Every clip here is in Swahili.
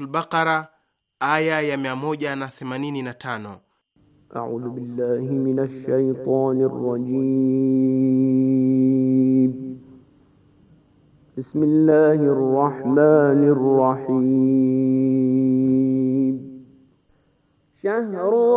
Suratul Baqara aya ya 185. A'udhu billahi minash Bismillahir rahmanir rahim. Shahru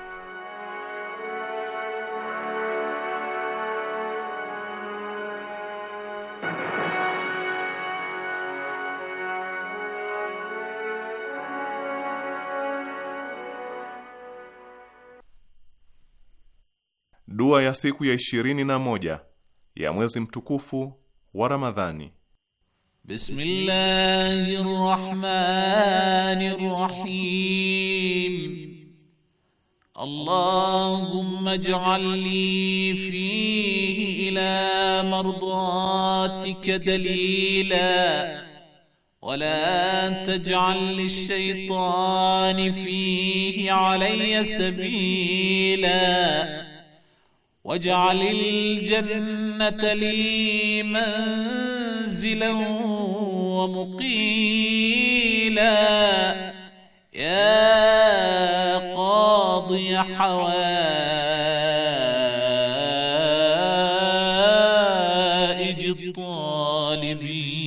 Dua ya siku ya ishirini na moja ya mwezi mtukufu wa Ramadhani. Bismillahirrahmanirrahim. Allahumma ij'al fihi ila mardatika dalila ولا تجعل للشيطان فيه علي سبيلا واجعل الجنة لي منزلا ومقيلا يا قاضي حوائج الطالبين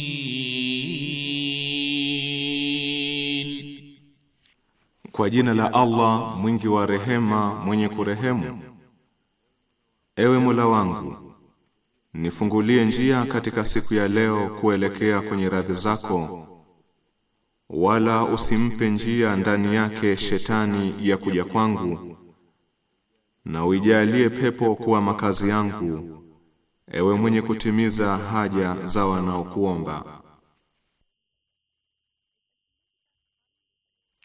Kwa jina la Allah mwingi wa rehema mwenye kurehemu Ewe Mola wangu, nifungulie njia katika siku ya leo kuelekea kwenye radhi zako, wala usimpe njia ndani yake shetani ya kuja kwangu, na uijalie pepo kuwa makazi yangu, ewe mwenye kutimiza haja za wanaokuomba.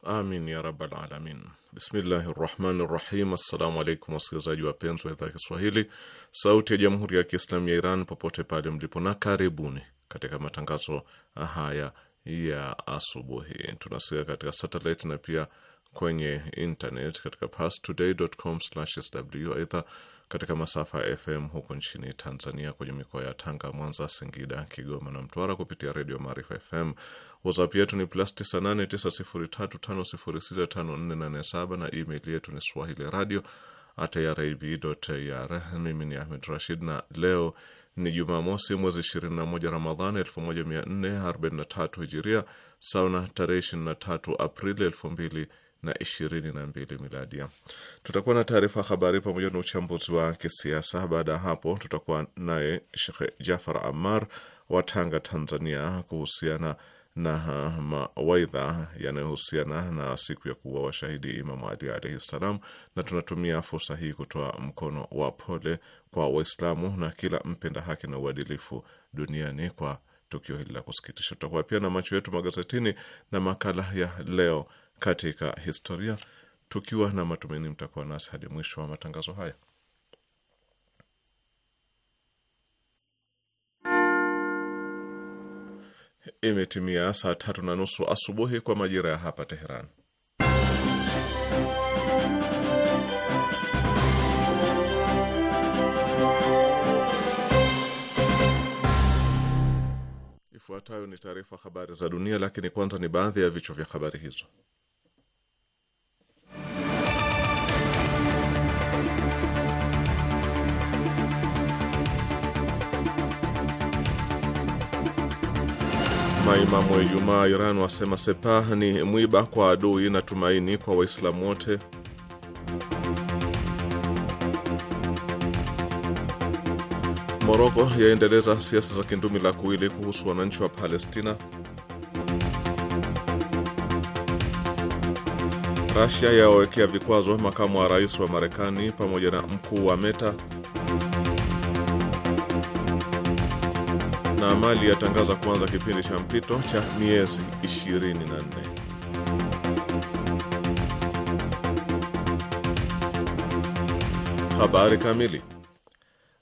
Amin ya rabbal alamin. Bismillahi rahmani rahim. Assalamu alaikum wasikilizaji wapenzi wa idhaa Kiswahili sauti ya jamhuri ya Kiislamu ya Iran popote pale mlipo, na karibuni katika matangazo haya ya asubuhi. Tunasikia katika satelit na pia kwenye internet katika parstoday.com/sw. Aidha, katika masafa ya FM huko nchini Tanzania kwenye mikoa ya Tanga, Mwanza, Singida, Kigoma na Mtwara kupitia redio Maarifa FM WhatsApp yetu ni plus 989035065487 na email yetu ni swahili radio irib.ir. Mimi ni Ahmed Rashid na leo ni Jumamosi, mwezi 21 Ramadhani 1443 Hijiria, sawa na tarehe 23 Aprili 2000 na ishirini na mbili miladia. Tutakuwa na taarifa habari pamoja na uchambuzi wa kisiasa. Baada ya hapo, tutakuwa naye Shekhe Jafar Ammar wa Tanga, Tanzania, kuhusiana na mawaidha yanayohusiana na siku ya kuwa washahidi Imamu Ali alaihi ssalam, na tunatumia fursa hii kutoa mkono wa pole kwa Waislamu na kila mpenda haki na uadilifu duniani kwa tukio hili la kusikitisha. Tutakuwa pia na macho yetu magazetini na makala ya leo katika historia, tukiwa na matumaini mtakuwa nasi hadi mwisho wa matangazo haya. Imetimia saa tatu na nusu asubuhi kwa majira ya hapa Teheran. Ifuatayo ni taarifa habari za dunia, lakini kwanza ni baadhi ya vichwa vya habari hizo. Maimamu wa Ijumaa Iran wasema Sepah ni mwiba kwa adui na tumaini kwa Waislamu wote. Moroko yaendeleza siasa za kindumi la kuili kuhusu wananchi wa Palestina. Rasia yawawekea vikwazo makamu wa rais wa Marekani pamoja na mkuu wa Meta na Mali yatangaza kuanza kipindi cha mpito cha miezi 24. Habari kamili.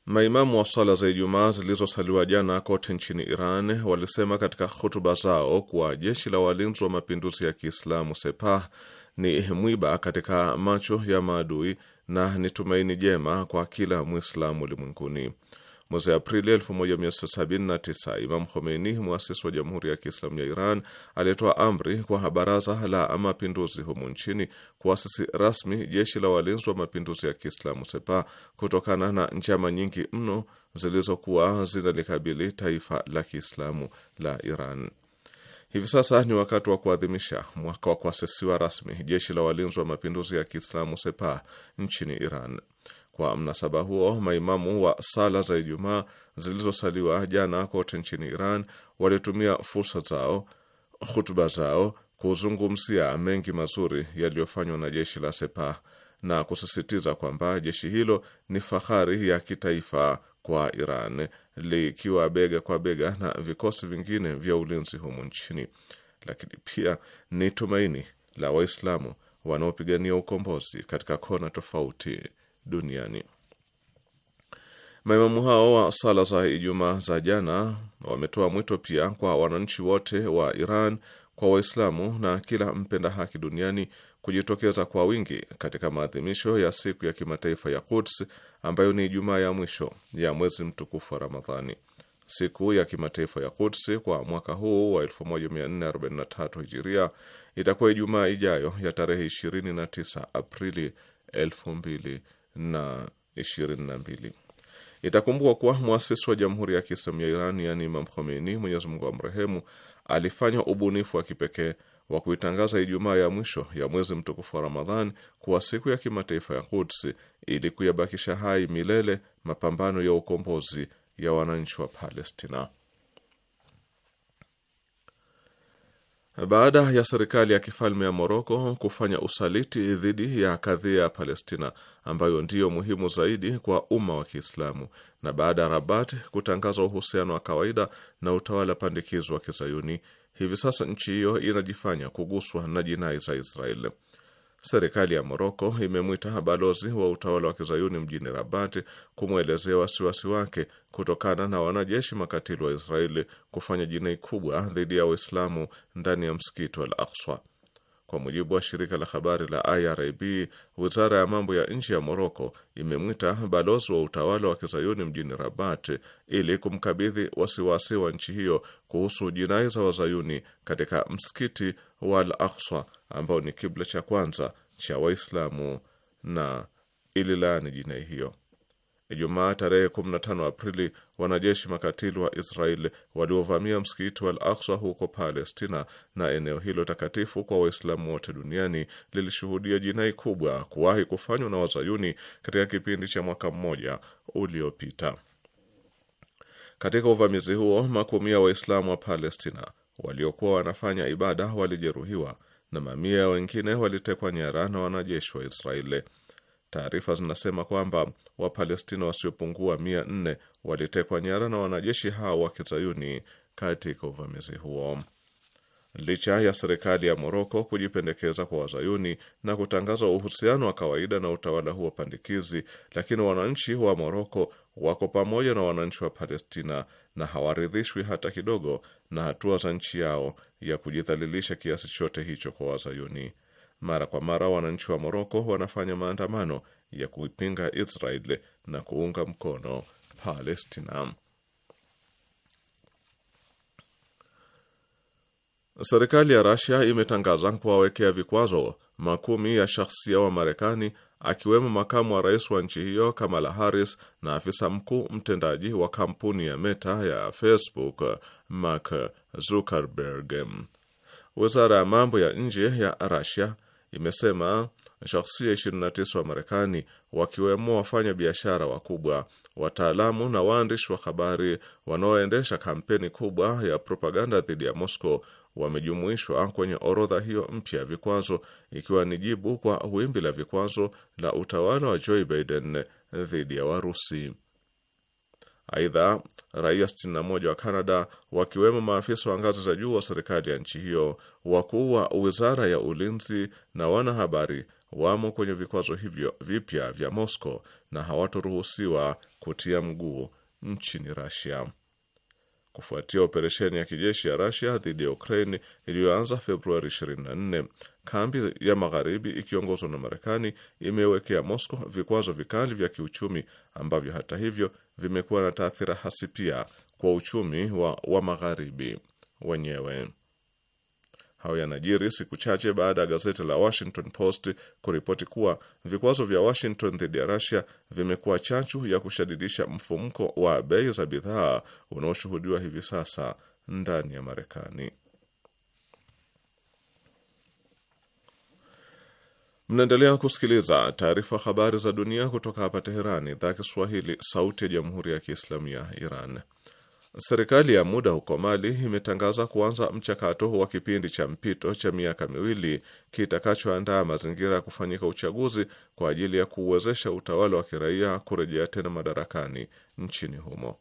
Maimamu wa swala za Ijumaa zilizosaliwa jana kote nchini Iran walisema katika hotuba zao kuwa jeshi la walinzi wa mapinduzi ya Kiislamu Sepah ni mwiba katika macho ya maadui na ni tumaini jema kwa kila Mwislamu ulimwenguni. Mwezi Aprili 1979 Imam Khomeini, mwasisi wa Jamhuri ya Kiislamu ya Iran, alitoa amri kwa Baraza la Mapinduzi humu nchini kuasisi rasmi jeshi la walinzi wa mapinduzi ya Kiislamu sepa kutokana na njama nyingi mno zilizokuwa zinalikabili taifa la Kiislamu la Iran. Hivi sasa ni wakati wa kuadhimisha mwaka wa kuasisiwa rasmi jeshi la walinzi wa mapinduzi ya Kiislamu sepa nchini Iran. Kwa mnasaba huo maimamu wa sala za Ijumaa zilizosaliwa jana kote nchini Iran walitumia fursa zao, hutuba zao kuzungumzia mengi mazuri yaliyofanywa na jeshi la Sepah na kusisitiza kwamba jeshi hilo ni fahari ya kitaifa kwa Iran likiwa bega kwa bega na vikosi vingine vya ulinzi humu nchini, lakini pia ni tumaini la Waislamu wanaopigania ukombozi katika kona tofauti duniani. Maimamu hao wa sala za Ijumaa za jana wametoa mwito pia kwa wananchi wote wa Iran, kwa Waislamu na kila mpenda haki duniani kujitokeza kwa wingi katika maadhimisho ya siku ya kimataifa ya Quds ambayo ni Ijumaa ya mwisho ya mwezi mtukufu wa Ramadhani. Siku ya kimataifa ya Quds kwa mwaka huu wa 1443 Hijiria itakuwa Ijumaa ijayo ya tarehe 29 Aprili 2000 na ishirini na mbili. Itakumbukwa kuwa mwasisi wa Jamhuri ya Kiislamu ya Iran, yaani Imam Khomeini, Mwenyezi Mungu amrehemu, alifanya ubunifu wa kipekee wa kuitangaza Ijumaa ya mwisho ya mwezi mtukufu wa Ramadhani kuwa siku ya kimataifa ya Quds ili kuyabakisha hai milele mapambano ya ukombozi ya wananchi wa Palestina. Baada ya serikali ya kifalme ya Moroko kufanya usaliti dhidi ya kadhia ya Palestina ambayo ndiyo muhimu zaidi kwa umma wa Kiislamu, na baada ya Rabat kutangaza uhusiano wa kawaida na utawala pandikizo wa Kizayuni, hivi sasa nchi hiyo inajifanya kuguswa na jinai za Israeli. Serikali ya Moroko imemwita balozi wa utawala wa kizayuni mjini rabat kumwelezea wasiwasi wake kutokana na wanajeshi makatili wa Israeli kufanya jinai kubwa dhidi ya Waislamu ndani ya msikiti wa Al Akswa. Kwa mujibu wa shirika la habari la IRIB, wizara ya mambo ya nchi ya Moroko imemwita balozi wa utawala wa kizayuni mjini Rabat ili kumkabidhi wasiwasi wa nchi hiyo kuhusu jinai za wazayuni katika msikiti wa Al Akswa ambao ni kibla cha kwanza cha Waislamu na ililaani jinai hiyo. Ijumaa tarehe 15 Aprili, wanajeshi makatili wa Israel waliovamia msikiti wa Al Aksa huko Palestina na eneo hilo takatifu kwa Waislamu wote duniani lilishuhudia jinai kubwa kuwahi kufanywa na wazayuni katika kipindi cha mwaka mmoja uliopita. Katika uvamizi huo, makumi ya Waislamu wa Palestina waliokuwa wanafanya ibada walijeruhiwa na mamia wengine walitekwa nyara na wanajeshi wa Israeli. Taarifa zinasema kwamba Wapalestina wasiopungua mia nne walitekwa nyara na wanajeshi hao wa kizayuni katika uvamizi huo. Licha ya serikali ya Moroko kujipendekeza kwa wazayuni na kutangaza uhusiano wa kawaida na utawala huo pandikizi, lakini wananchi wa Moroko wako pamoja na wananchi wa Palestina na hawaridhishwi hata kidogo na hatua za nchi yao ya kujidhalilisha kiasi chote hicho kwa Wazayuni. Mara kwa mara wananchi wa Moroko wanafanya maandamano ya kuipinga Israel na kuunga mkono Palestina. Serikali ya rasia imetangaza kuwawekea vikwazo makumi ya shahsia wa Marekani akiwemo makamu wa rais wa nchi hiyo Kamala Harris na afisa mkuu mtendaji wa kampuni ya Meta ya Facebook Mark Zuckerberg. Wizara ya mambo ya nje ya Russia imesema shakhsia 29 wa Marekani wakiwemo wafanya biashara wakubwa, wataalamu na waandishi wa habari wanaoendesha kampeni kubwa ya propaganda dhidi ya Moscow wamejumuishwa kwenye orodha hiyo mpya ya vikwazo, ikiwa ni jibu kwa wimbi la vikwazo la utawala wa Joe Biden dhidi ya Warusi. Aidha, raia 61 wa Canada wakiwemo maafisa wa ngazi za juu wa serikali ya nchi hiyo, wakuu wa wizara ya ulinzi na wanahabari wamo kwenye vikwazo hivyo vipya vya Moscow na hawatoruhusiwa kutia mguu nchini Russia kufuatia operesheni ya kijeshi ya Russia dhidi ya Ukraine iliyoanza Februari 24. Kambi ya magharibi ikiongozwa na Marekani imewekea Moscow vikwazo vikali vya kiuchumi ambavyo hata hivyo vimekuwa na taathira hasi pia kwa uchumi wa, wa magharibi wenyewe. Hayo yanajiri siku chache baada ya gazeti la Washington Post kuripoti kuwa vikwazo vya Washington dhidi ya Russia vimekuwa chachu ya kushadidisha mfumko wa bei za bidhaa unaoshuhudiwa hivi sasa ndani ya Marekani. Mnaendelea kusikiliza taarifa habari za dunia kutoka hapa Teherani, idhaa Kiswahili, sauti ya jamhuri ya kiislamu ya Iran. Serikali ya muda huko Mali imetangaza kuanza mchakato wa kipindi cha mpito cha miaka miwili kitakachoandaa mazingira ya kufanyika uchaguzi kwa ajili ya kuuwezesha utawala wa kiraia kurejea tena madarakani nchini humo.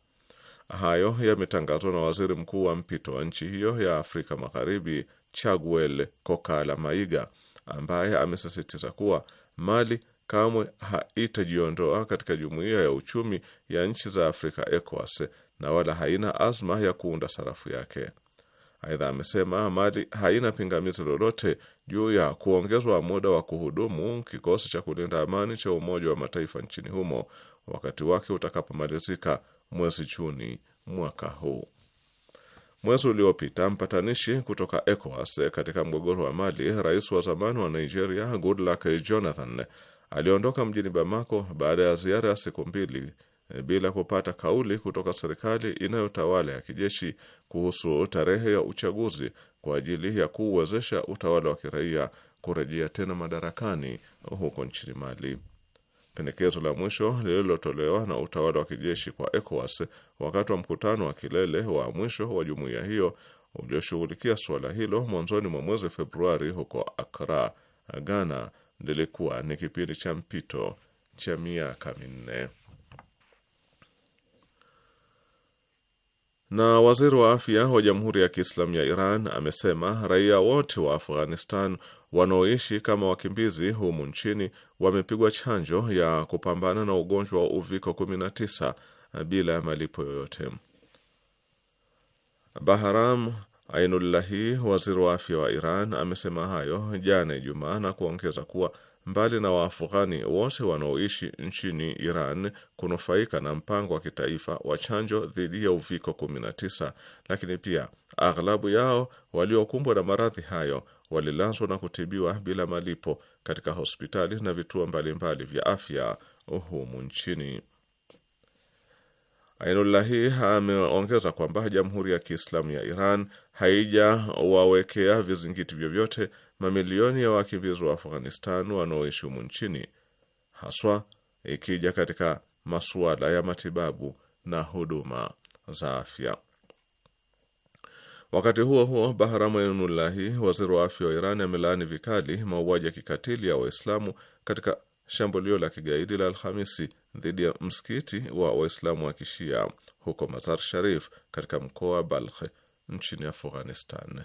Hayo yametangazwa na waziri mkuu wa mpito wa nchi hiyo ya Afrika Magharibi, Chaguel Kokala Maiga, ambaye amesisitiza kuwa Mali kamwe haitajiondoa katika jumuiya ya uchumi ya nchi za Afrika ECOWAS na wala haina azma ya kuunda sarafu yake. Aidha amesema Mali haina pingamizi lolote juu ya kuongezwa muda wa kuhudumu kikosi cha kulinda amani cha Umoja wa Mataifa nchini humo wakati wake utakapomalizika mwezi Juni mwaka huu. Mwezi uliopita mpatanishi kutoka ECOWAS katika mgogoro wa Mali, rais wa zamani wa Nigeria Goodluck Jonathan aliondoka mjini Bamako baada ya ziara ya siku mbili Eh, bila kupata kauli kutoka serikali inayotawala ya kijeshi kuhusu tarehe ya uchaguzi kwa ajili ya kuuwezesha utawala wa kiraia kurejea tena madarakani huko nchini Mali. Pendekezo la mwisho lililotolewa na utawala wa kijeshi kwa ECOWAS wakati wa mkutano wa kilele wa mwisho wa jumuiya hiyo ulioshughulikia suala hilo mwanzoni mwa mwezi Februari huko Akra, Ghana, lilikuwa ni kipindi cha mpito cha miaka minne. Na waziri wa afya wa Jamhuri ya Kiislamu ya Iran amesema raia wote wa Afghanistan wanaoishi kama wakimbizi humu nchini wamepigwa chanjo ya kupambana na ugonjwa wa uviko 19 eh, bila ya malipo yoyote. Baharam Ainullahi, waziri wa afya wa Iran, amesema hayo jana Ijumaa na kuongeza kuwa mbali na Waafughani wote wanaoishi nchini Iran kunufaika na mpango wa kitaifa wa chanjo dhidi ya uviko 19, lakini pia aghlabu yao waliokumbwa na maradhi hayo walilazwa na kutibiwa bila malipo katika hospitali na vituo mbalimbali vya afya humu nchini. Ainullahi ameongeza kwamba Jamhuri ya Kiislamu ya Iran haijawawekea vizingiti vyovyote mamilioni ya wakimbizi wa Afghanistan wanaoishi humu nchini, haswa ikija katika masuala ya matibabu na huduma za afya. Wakati huo huo, Bahram Einullahi, waziri wa afya wa Iran, amelaani vikali mauaji ya kikatili ya Waislamu katika shambulio la kigaidi la Alhamisi dhidi ya msikiti wa Waislamu wa Kishia huko Mazar Sharif katika mkoa wa Balkh nchini Afghanistan.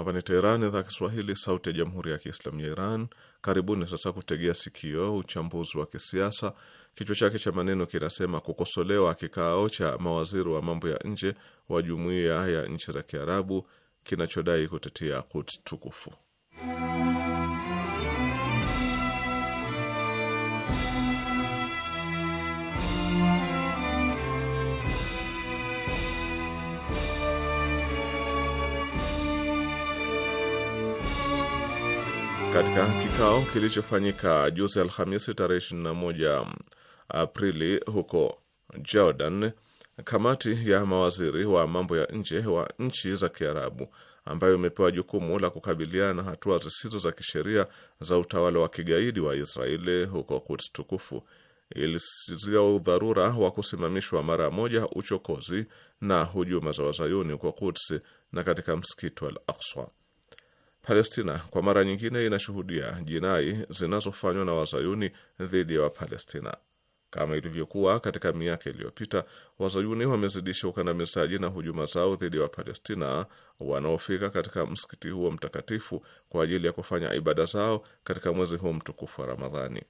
Hapa ni Teherani, idhaa Kiswahili, sauti ya jamhuri ya kiislamu ya Iran. Karibuni sasa kutegea sikio uchambuzi wa kisiasa, kichwa chake cha maneno kinasema kukosolewa kikao cha mawaziri wa mambo ya nje wa jumuiya ya nchi za Kiarabu kinachodai kutetea Quds tukufu. Katika kikao kilichofanyika juzi Alhamisi tarehe 21 Aprili huko Jordan, kamati ya mawaziri wa mambo ya nje wa nchi za Kiarabu ambayo imepewa jukumu la kukabiliana na hatua zisizo za kisheria za utawala wa kigaidi wa Israeli huko Quds tukufu ilisisitiza udharura wa kusimamishwa mara moja uchokozi na hujuma za wazayuni huko Quds na katika msikiti wa Al-Aqsa. Palestina kwa mara nyingine inashuhudia jinai zinazofanywa na wazayuni dhidi ya Wapalestina. Kama ilivyokuwa katika miaka iliyopita, wazayuni wamezidisha ukandamizaji na hujuma zao dhidi ya Wapalestina wanaofika katika msikiti huo mtakatifu kwa ajili ya kufanya ibada zao katika mwezi huu mtukufu wa Ramadhani.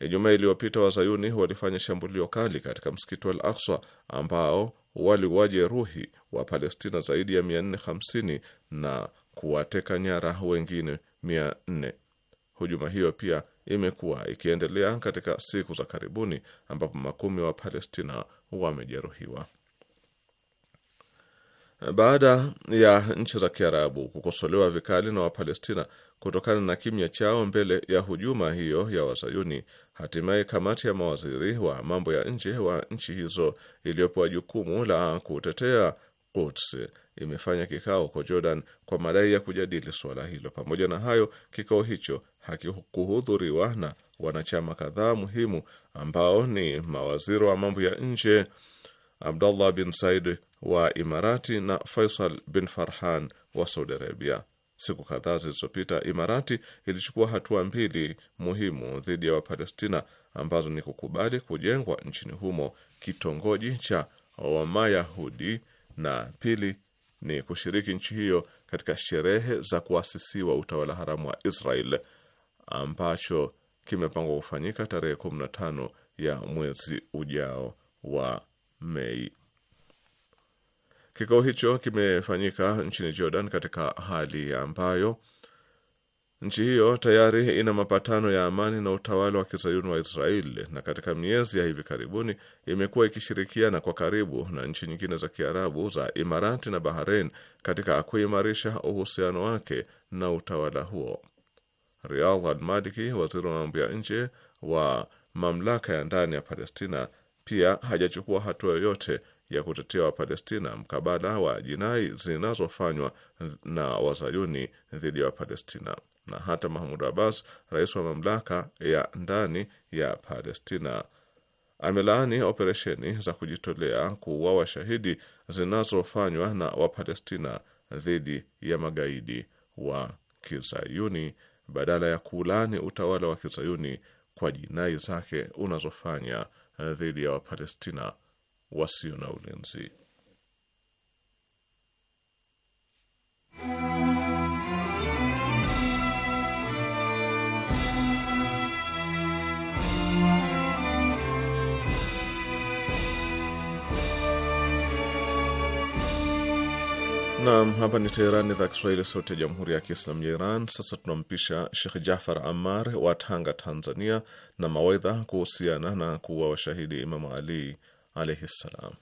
Ijumaa iliyopita, wazayuni walifanya shambulio kali katika msikiti wa al ambao waliwajeruhi wa Palestina zaidi ya 450 na kuwateka nyara wengine mia nne. Hujuma hiyo pia imekuwa ikiendelea katika siku za karibuni ambapo makumi wa Palestina wamejeruhiwa. Baada ya nchi za Kiarabu kukosolewa vikali na Wapalestina kutokana na kimya chao mbele ya hujuma hiyo ya Wazayuni, hatimaye kamati ya mawaziri wa mambo ya nje wa nchi hizo iliyopewa jukumu la kutetea Quds imefanya kikao huko Jordan kwa madai ya kujadili suala hilo. Pamoja na hayo, kikao hicho hakikuhudhuriwa na wanachama kadhaa muhimu ambao ni mawaziri wa mambo ya nje Abdullah bin Said wa Imarati na Faisal bin Farhan wa Saudi Arabia. Siku kadhaa zilizopita, Imarati ilichukua hatua mbili muhimu dhidi ya Wapalestina ambazo ni kukubali kujengwa nchini humo kitongoji cha Wamayahudi na pili ni kushiriki nchi hiyo katika sherehe za kuasisiwa utawala haramu wa Israel ambacho kimepangwa kufanyika tarehe 15 ya mwezi ujao wa Mei. Kikao hicho kimefanyika nchini Jordan katika hali ambayo Nchi hiyo tayari ina mapatano ya amani na utawala wa kizayuni wa Israeli na katika miezi ya hivi karibuni imekuwa ikishirikiana kwa karibu na nchi nyingine za Kiarabu za Imarati na Bahrain katika kuimarisha uhusiano wake na utawala huo. Riyadh al-Maliki, waziri wa mambo ya nje wa mamlaka ya ndani ya Palestina, pia hajachukua hatua yoyote ya kutetea Wapalestina mkabala wa jinai zinazofanywa na wazayuni dhidi ya Wapalestina na hata Mahmud Abbas, rais wa mamlaka ya ndani ya Palestina, amelaani operesheni za kujitolea kuua washahidi zinazofanywa na Wapalestina dhidi ya magaidi wa Kizayuni badala ya kuulaani utawala wa Kizayuni kwa jinai zake unazofanya dhidi ya Wapalestina wasio na ulinzi. Naam, hapa ni Teherani, idhaa Kiswahili, sauti ya jamhuri ya kiislam ya Iran. Sasa tunampisha Shekh Jafar Amar wa Tanga, Tanzania, na mawaidha kuhusiana na kuwa washahidi Imamu Ali alaihi ssalam.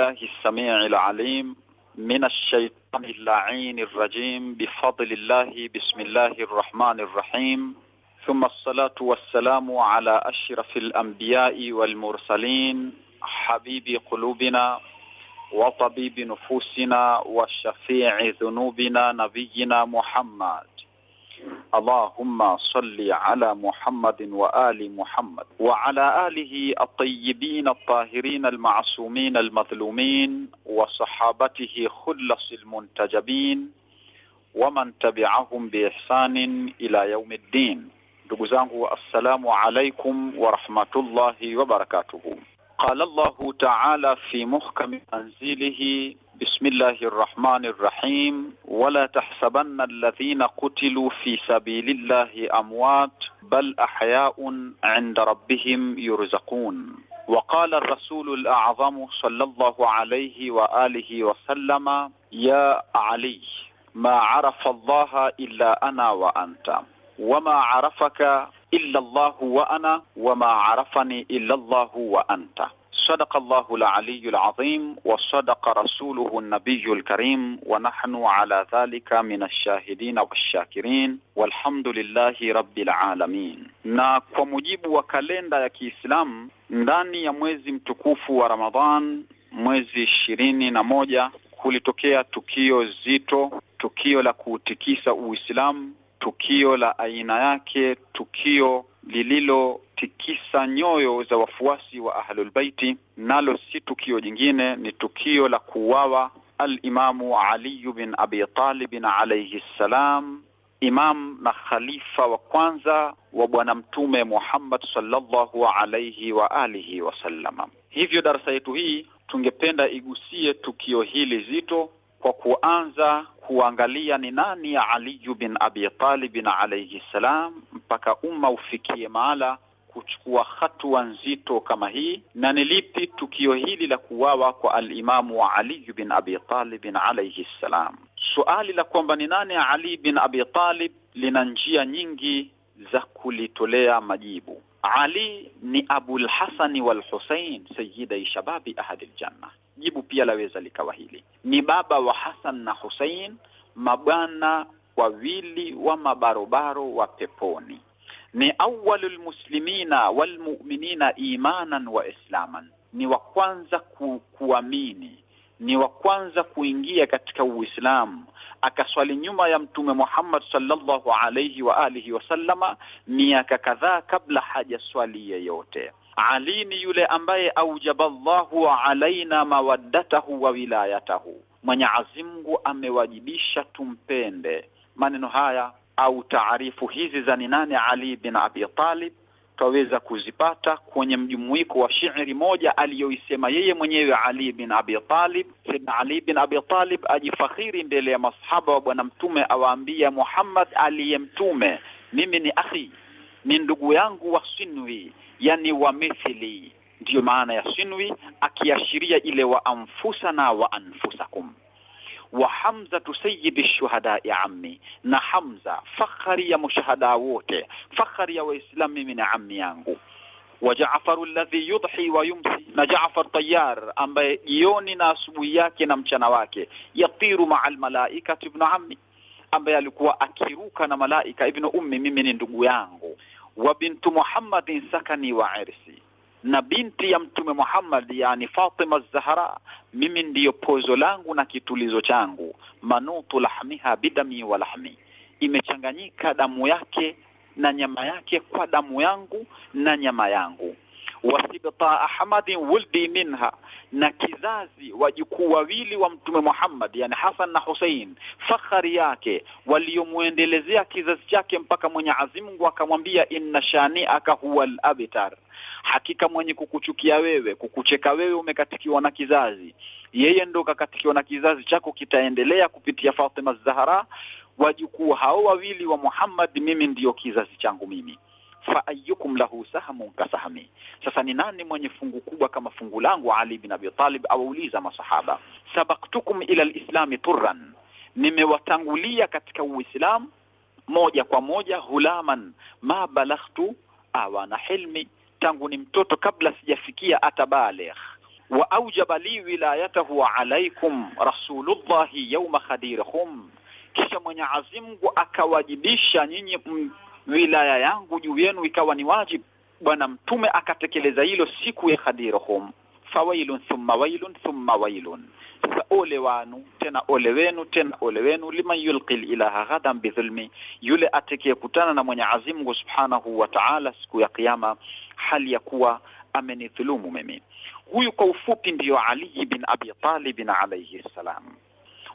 الله السميع العليم من الشيطان اللعين الرجيم بفضل الله بسم الله الرحمن الرحيم ثم الصلاة والسلام على أشرف الأنبياء والمرسلين حبيب قلوبنا وطبيب نفوسنا وشفيع ذنوبنا نبينا محمد اللهم صل على محمد وآل محمد وعلى آله الطيبين الطاهرين المعصومين المظلومين وصحابته خلص المنتجبين ومن تبعهم بإحسان إلى يوم الدين ndugu السلام عليكم ورحمة الله وبركاته قال الله تعالى في محكم tanzilihi بسم الله الرحمن الرحيم ولا تحسبن الذين قتلوا في سبيل الله اموات بل احياء عند ربهم يرزقون وقال الرسول الاعظم صلى الله عليه واله وسلم يا علي ما عرف الله الا انا وانت وما عرفك الا الله وانا وما عرفني الا الله وانت صدق الله العلي العظيم وصدق رسوله النبي الكريم ونحن على ذلك من الشاهدين والشاkirin walhamdulillahi rabbil alamin. Na kwa mujibu wa kalenda ya kiislam ndani ya mwezi mtukufu wa Ramadhan, mwezi ishirini na moja, kulitokea tukio zito, tukio la kuutikisa Uislamu, tukio la aina yake, tukio lililotikisa nyoyo za wafuasi wa Ahlulbaiti, nalo si tukio jingine, ni tukio la kuuawa Alimamu Aliyu bin Abi Talibin alayhi ssalam, imam na khalifa wa kwanza wa Bwana Mtume Muhammad sallallahu alayhi wa alihi wasallama. Hivyo darasa yetu hii tungependa igusie tukio hili zito kwa kuanza kuangalia ni nani ya Ali bin Abi Talib alayhi salam, mpaka umma ufikie mahala kuchukua hatua nzito kama hii, na ni lipi tukio hili la kuwawa kwa alimamu wa Ali bin Abi Talib alayhi salam. Suali la kwamba ni nani ya Ali bin Abi Talib lina njia nyingi za kulitolea majibu. Ali ni Abul Hasani wal Husain sayyidai shababi ahadil janna. Jibu pia laweza likawa hili: ni baba wa Hasan na Husain, mabwana wawili wa mabarobaro wa peponi. Ni awwalul muslimina wal mu'minina imanan wa islaman, ni wa kwanza ku, kuamini ni wa kwanza kuingia katika Uislamu akaswali nyuma ya Mtume Muhammad sallallahu alayhi wa alihi wasallama miaka kadhaa kabla hajaswali yeyote. Ali ni yule ambaye aujaba alaina mawaddatahu wa wilayatahu, Mwenyezi Mungu amewajibisha tumpende. Maneno haya au taarifu hizi za ni nani Ali bin Abi Talib twaweza kuzipata kwenye mjumuiko wa shairi moja aliyoisema yeye mwenyewe Ali bin Abi Talib. Sayyidina Ali bin Abi Talib ajifakhiri mbele ya masahaba wa Bwana Mtume, awaambia Muhammad aliye mtume, mimi ni akhi, ni ndugu yangu wa sinwi, yani wa mithili, ndiyo maana ya sinwi, akiashiria ile wa anfusana wa anfusakum wa hamzatu sayyidi shuhada ya ammi, na Hamza fakhari ya mashahada wote, fakhari ya Waislamu mimi na ammi yangu wa Jaafaru alladhi yudhi wa yumsi, na Jaafar tayar ambaye jioni na asubuhi yake na mchana wake, yatiru maa almalaikat ibn ammi, ambaye alikuwa akiruka na malaika. Ibn ummi mimi ni ndugu yangu. Wa bintu Muhammadin sakani wa irsi na binti ya Mtume Muhammad, yani Fatima Zahra, mimi ndiyo pozo langu na kitulizo changu. Manutu lahmiha bidami wa lahmi, imechanganyika damu yake na nyama yake kwa damu yangu na nyama yangu. Wasibta ahmadin wuldi minha, na kizazi wajukuu wawili wa Mtume Muhammad, yani Hasan na Husein, fakhari yake waliomwendelezea kizazi chake mpaka mwenye Azimu akamwambia, inna shaniaka huwa al-abtar Hakika mwenye kukuchukia wewe, kukucheka wewe, umekatikiwa na kizazi, yeye ndo kakatikiwa na kizazi chako, kitaendelea kupitia Fatima Zahra, wajukuu hao wawili wa Muhammad, mimi ndiyo kizazi changu mimi fa ayyukum lahu sahmun kasahmi. Sasa ni nani mwenye fungu kubwa kama fungu langu? Ali bin Abi Talib awauliza masahaba, sabaktukum ila lislami turran, nimewatangulia katika Uislamu moja kwa moja. Hulaman ma balaghtu awana hilmi tangu ni mtoto kabla sijafikia atabaligh. wa aujaba li wilayatahu alaikum rasulullahi yauma khadirhum, kisha Mwenyezi Mungu akawajibisha nyinyi wilaya yangu juu yenu ikawa ni wajib Bwana Mtume akatekeleza hilo siku ya Khadirhum. Fawailun thumma wailun thumma wailun. Sasa ole wanu tena ole wenu tena ole wenu, liman yulqi ilaha ghadan bidhulmi, yule atakayekutana na Mwenyezi Mungu subhanahu wa ta'ala siku ya Kiyama hali ya kuwa amenidhulumu mimi. Huyu kwa ufupi ndiyo Ali bin Abi Talib alayhi salam.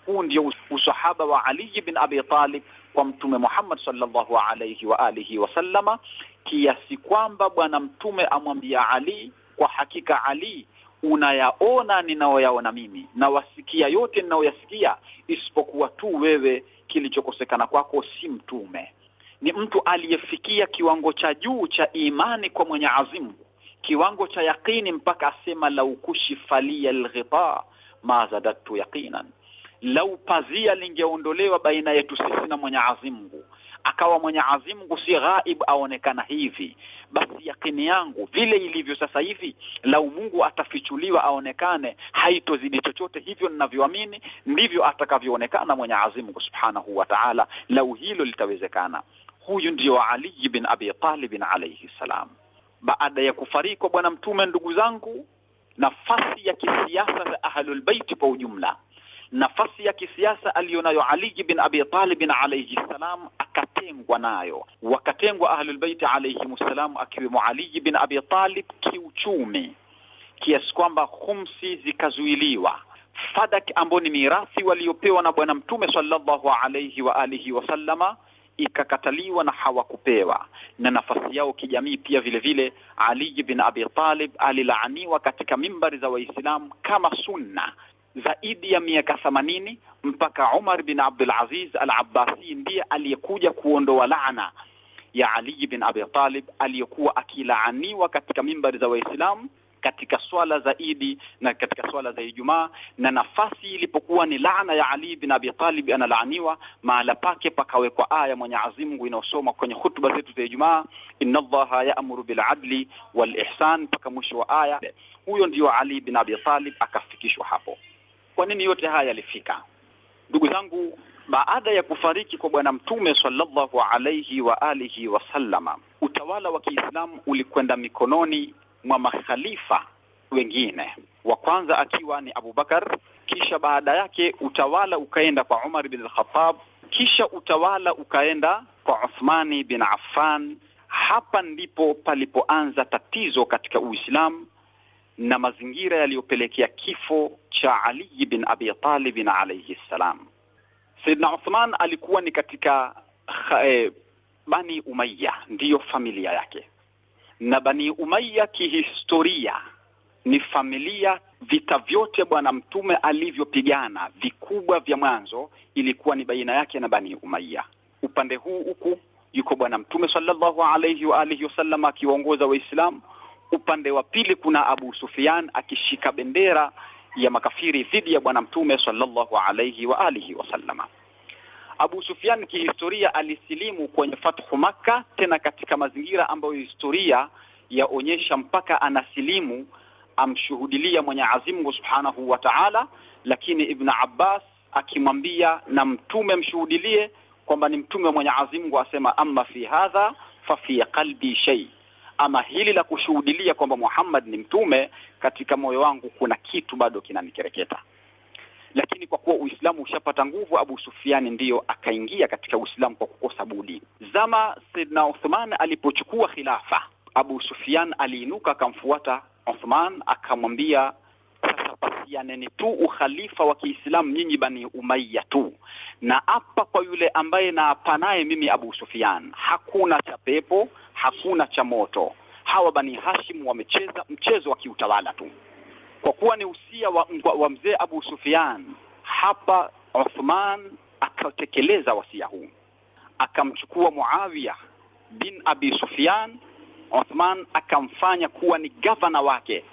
Huu ndio usahaba wa Ali bin Abi Talib kwa Mtume Muhammad sallallahu alayhi wa alihi wasallama, kiasi kwamba Bwana Mtume amwambia Ali, kwa hakika Ali, unayaona ninayoyaona mimi na wasikia yote ninayoyasikia, isipokuwa tu wewe kilichokosekana kwako si mtume ni mtu aliyefikia kiwango cha juu cha imani kwa mwenye azimu kiwango cha yaqini, mpaka asema lau kushifa falia lghita ma zadadtu yaqinan, lau pazia lingeondolewa baina yetu sisi na mwenye azimu akawa mwenye azimu si ghaib, aonekana hivi, basi yakini yangu vile ilivyo sasa hivi, lau Mungu atafichuliwa aonekane, haitozidi chochote. Hivyo ninavyoamini ndivyo atakavyoonekana mwenye azimu subhanahu wa ta'ala, lau hilo litawezekana huyu ndiyo Ali bin Abi Talib alayhi salam. Baada ya kufariki kwa bwana mtume, ndugu zangu, nafasi ya kisiasa za Ahlul Bait kwa ujumla, nafasi ya kisiasa aliyonayo Ali bin Abi Talib alayhi salam akatengwa nayo, wakatengwa Ahlul Bait alayhi salam, akiwemo Ali bin Abi Talib kiuchumi, kiasi kwamba khumsi zikazuiliwa fadak, ambao ni mirathi waliopewa na bwana mtume sallallahu alayhi wa alihi wasallama ikakataliwa na hawakupewa na nafasi yao kijamii. Pia vile vile Ali bin Abi Talib alilaaniwa katika mimbari za Waislamu kama sunna zaidi ya miaka themanini mpaka Umar bin Abdul Aziz al Abbasi ndiye aliyekuja kuondoa laana ya Ali bin Abi Talib aliyekuwa akilaaniwa katika mimbari za Waislamu katika swala za Idi na katika swala za Ijumaa, na nafasi ilipokuwa ni laana ya Ali bin Abi Talib, analaaniwa mahala pake pakawekwa aya Mwenyezi Mungu inayosoma kwenye hutuba zetu za Ijumaa, inna Allaha ya'muru bil adli wal ihsan, mpaka mwisho wa aya. Huyo ndio Ali bin Abi Talib akafikishwa hapo. Kwa nini yote haya yalifika? Ndugu zangu, baada ya kufariki kwa Bwana Mtume sallallahu alayhi wa alihi wasallama, utawala wa Kiislamu ulikwenda mikononi mwa makhalifa wengine, wa kwanza akiwa ni Abubakar, kisha baada yake utawala ukaenda kwa Umar bin khattab kisha utawala ukaenda kwa Uthmani bin Affan. Hapa ndipo palipoanza tatizo katika Uislamu na mazingira yaliyopelekea kifo cha Ali bin Abi Talib alayhi salam. saidna Uthman alikuwa ni katika eh, Bani Umayya, ndiyo familia yake na Bani Umaya kihistoria ni familia. Vita vyote Bwana Mtume alivyopigana vikubwa vya mwanzo ilikuwa ni baina yake na Bani Umaya. Upande huu huku yuko Bwana Mtume sallallahu alayhi wa alihi wasallam akiwaongoza Waislamu, upande wa pili kuna Abu Sufyan akishika bendera ya makafiri dhidi ya Bwana Mtume sallallahu alayhi wa alihi wasallam. Abu Sufyan kihistoria alisilimu kwenye Fathu Makka, tena katika mazingira ambayo historia yaonyesha mpaka anasilimu amshuhudilia Mwenyezi Mungu Subhanahu wa Ta'ala, lakini Ibn Abbas akimwambia na mtume mshuhudilie kwamba ni mtume wa Mwenyezi Mungu asema, amma fi hadha fa fi qalbi shay, ama hili la kushuhudilia kwamba Muhammad ni mtume, katika moyo wangu kuna kitu bado kinanikereketa lakini kwa kuwa Uislamu ushapata nguvu, Abu sufiani ndiyo akaingia katika Uislamu kwa kukosa budi. Zama Saidna Uthman alipochukua khilafa, Abu sufian aliinuka akamfuata Uthman akamwambia sasa pasianeni tu ukhalifa wa Kiislamu nyinyi Bani Umayya tu, na hapa kwa yule ambaye naapa naye mimi Abu sufian hakuna cha pepo, hakuna cha moto. Hawa Bani Hashim wamecheza mchezo wa kiutawala tu kwa kuwa ni usia wa, wa mzee Abu Sufyan. Hapa Uthman akatekeleza wasia huu, akamchukua Muawiya bin Abi Sufyan. Uthman akamfanya kuwa ni gavana wake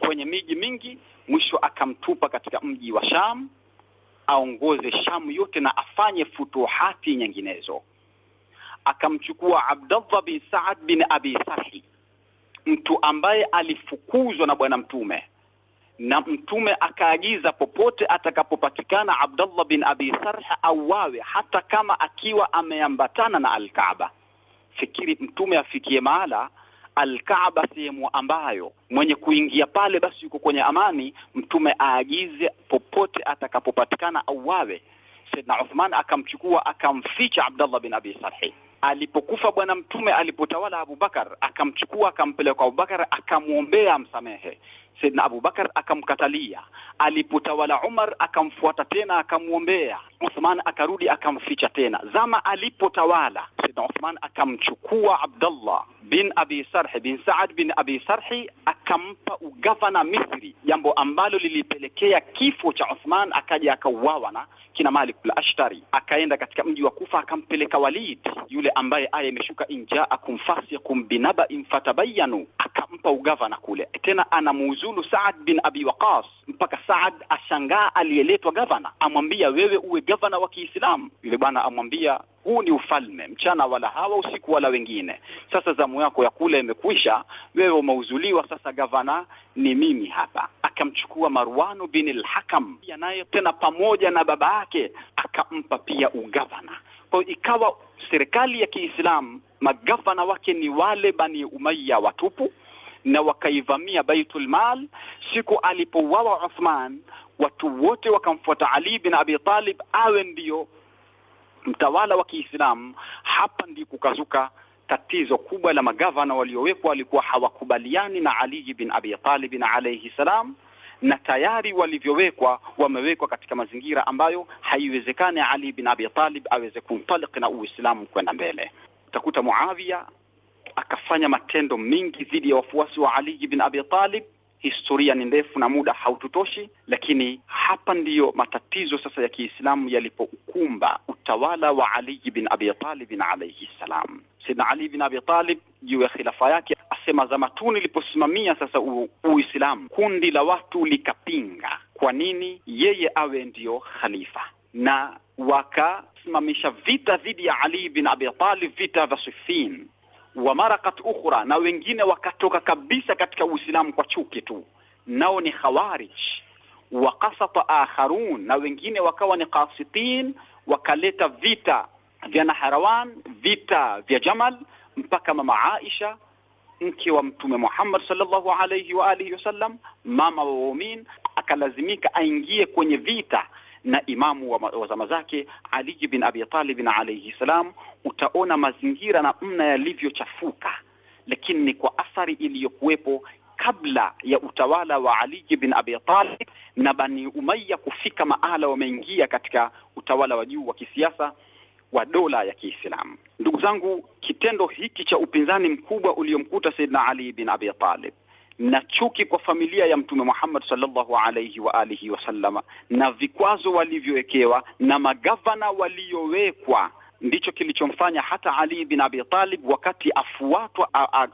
kwenye miji mingi, mwisho akamtupa katika mji wa Sham aongoze Sham yote na afanye futuhati nyinginezo. Akamchukua Abdallah bin Saad bin Abi sahi mtu ambaye alifukuzwa na Bwana Mtume na Mtume akaagiza popote atakapopatikana Abdallah bin Abi Sarha auawe, hata kama akiwa ameambatana na Alkaaba. Fikiri Mtume afikie mahala Alkaaba, sehemu ambayo mwenye kuingia pale basi yuko kwenye amani. Mtume aagize popote atakapopatikana auawe. Saidna Uthman akamchukua akamficha Abdallah bin Abi Sarhi. Alipokufa bwana Mtume, alipotawala Abubakar, akamchukua akampeleka kwa Abubakar, akamwombea msamehe Saidna Abubakar akamkatalia. Alipotawala Umar akamfuata tena akamwombea. Uthman akarudi akamficha tena. Zama alipotawala Saidna Uthman akamchukua Abdallah bin Abi Sarhi bin Saad bin Abi Sarhi akampa ugavana Misri, jambo ambalo lilipelekea kifo cha Uthman, akaja akauawa na kina Malik al-Ashtari. Akaenda katika mji wa Kufa akampeleka Walid yule ambaye aya imeshuka injaakum fasiqun binabain fatabayanu, akampa ugavana kule. Tena anamuuzulu Saad bin Abi Waqas, mpaka Saad ashangaa aliyeletwa gavana, amwambia wewe uwe gavana wa Kiislamu. Yule bwana amwambia huu ni ufalme, mchana wala hawa, usiku wala wengine. Sasa zamu yako ya kula imekwisha, wewe umeuzuliwa sasa, gavana ni mimi hapa. Akamchukua Marwanu bin al-Hakam naye tena pamoja na baba yake, akampa pia ugavana. Kwa ikawa serikali ya Kiislamu magavana wake ni wale Bani Umayya watupu, na wakaivamia Baitul Mal. Siku alipouawa Uthman, watu wote wakamfuata Ali bin Abi Talib awe ndio mtawala wa Kiislamu, hapa ndipo kukazuka tatizo kubwa la magavana waliowekwa, walikuwa hawakubaliani na Ali bin Abi Talib alayhi salam, na tayari walivyowekwa wamewekwa katika mazingira ambayo haiwezekani Ali bin Abi Talib aweze kumtalik na Uislamu kwenda mbele. Utakuta Muawiya akafanya matendo mengi dhidi ya wafuasi wa Ali bin Abi Talib historia ni ndefu na muda haututoshi, lakini hapa ndiyo matatizo sasa ya Kiislamu yalipoukumba utawala wa Ali bin Abi Talib alayhi salam. Sayyidina Ali bin Abi Talib juu ya khilafa yake asema, zama tu niliposimamia sasa Uislamu, kundi la watu likapinga, kwa nini yeye awe ndiyo khalifa na wakasimamisha vita dhidi ya Ali bin Abi Talib, vita vya Siffin wa marakat ukhra, na wengine wakatoka kabisa katika Uislamu kwa chuki tu, nao ni khawarij. qasata akharun, na wengine wakawa ni kasitin, wakaleta vita vya Naharawan, vita vya Jamal, mpaka mama Aisha mke wa Mtume Muhammad sallallahu alayhi wa alihi wasallam, mama wa waumini, akalazimika aingie kwenye vita na imamu wa, wa zama zake Ali bin Abi Talib alayhi salam, utaona mazingira na mna yalivyochafuka, lakini ni kwa athari iliyokuwepo kabla ya utawala wa Ali bin Abi Talib na Bani Umayya kufika maala wameingia katika utawala wa juu wa kisiasa wa dola ya Kiislamu. Ndugu zangu, kitendo hiki cha upinzani mkubwa uliomkuta Saidna Ali bin Abi Talib na chuki kwa familia ya Mtume Muhammad sallallahu alayhi wa alihi wasallama, na vikwazo walivyowekewa na magavana waliowekwa ndicho kilichomfanya hata Ali bin Abi Talib wakati afuatwa